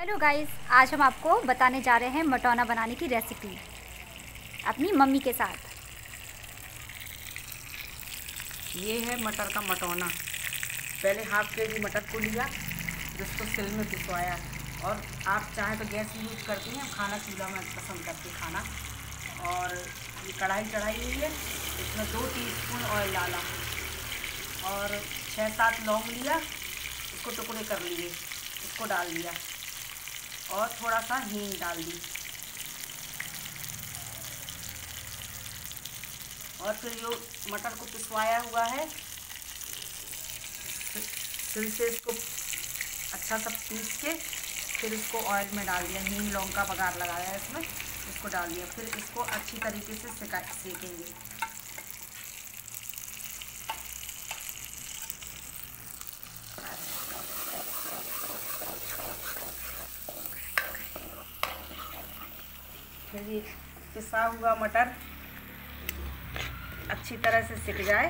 hello guys आज हम आपको बताने जा रहे हैं मटोना बनाने की रेसिपी अपनी मम्मी के साथ ये है मटर का मटोना पहले हाफ के जी मटर को लिया जिसको सिल में पिसवाया और आप चाहे तो गैस यूज करते हैं खाना चूल्हा में पसंद करते खाना और ये कढ़ाई चढ़ाई हुई है इसमें दो टीस्पून ऑयल डाला और छः सात लौंग लिया इसको टुकड़े कर लिए इसको डाल दिया और थोड़ा सा हींग डाल दी और फिर जो मटर को पिसवाया हुआ है फिर से इसको अच्छा सा पीस के फिर इसको ऑयल में डाल दिया हींग लौंग का बघार लगाया है इसमें इसको डाल दिया फिर इसको अच्छी तरीके से सेकेंगे ये पिसा हुआ मटर अच्छी तरह से सिक जाए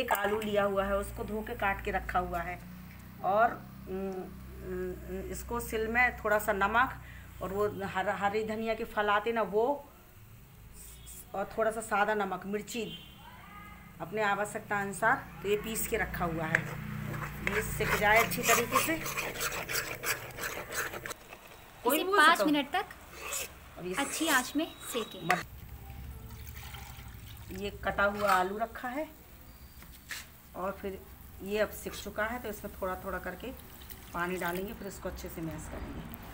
एक आलू लिया हुआ है उसको धो के काट के रखा हुआ है और इसको सिल में थोड़ा सा नमक और वो हर हरी धनिया के फल आते ना वो और थोड़ा सा सादा नमक मिर्ची अपने आवश्यकता अनुसार तो ये पीस के रखा हुआ है ये सिक जाए अच्छी तरीके से कोई पाँच मिनट तक अच्छी आंच में सेके ये कटा हुआ आलू रखा है और फिर ये अब सिक चुका है तो इसमें थोड़ा थोड़ा करके पानी डालेंगे फिर इसको अच्छे से मैश करेंगे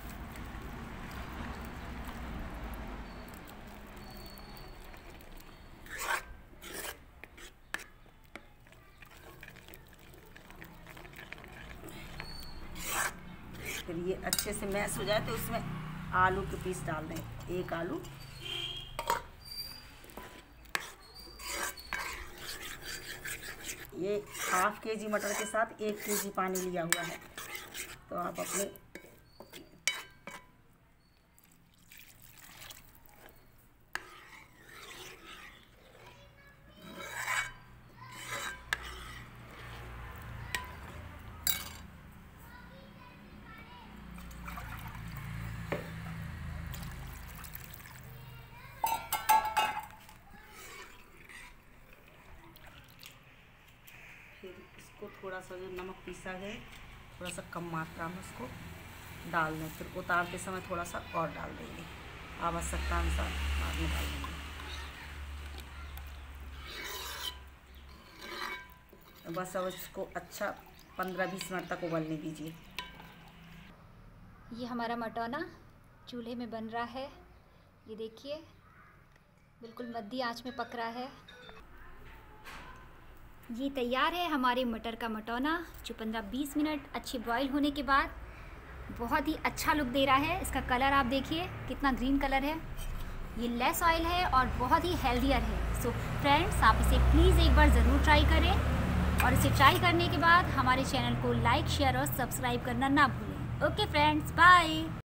के लिए अच्छे से मैश हो जाए तो उसमें आलू के पीस डाल दें एक आलू ये हाफ के जी मटर के साथ एक के जी पानी लिया हुआ है तो आप अपने थोड़ा सा जो नमक पीसा है थोड़ा सा कम मात्रा में उसको डाल दें फिर उतारते समय थोड़ा सा और डाल देंगे आवश्यकता अनुसार बाद में डाल देंगे बस अब इसको अच्छा पंद्रह बीस मिनट तक उबलने दीजिए ये हमारा मटोना चूल्हे में बन रहा है ये देखिए बिल्कुल मध्य आंच में पक रहा है ये तैयार है हमारे मटर का मटोना जो पंद्रह बीस मिनट अच्छे बॉईल होने के बाद बहुत ही अच्छा लुक दे रहा है इसका कलर आप देखिए कितना ग्रीन कलर है ये लेस ऑयल है और बहुत ही हेल्दियर है सो so, फ्रेंड्स आप इसे प्लीज़ एक बार ज़रूर ट्राई करें और इसे ट्राई करने के बाद हमारे चैनल को लाइक शेयर और सब्सक्राइब करना ना भूलें ओके फ्रेंड्स बाय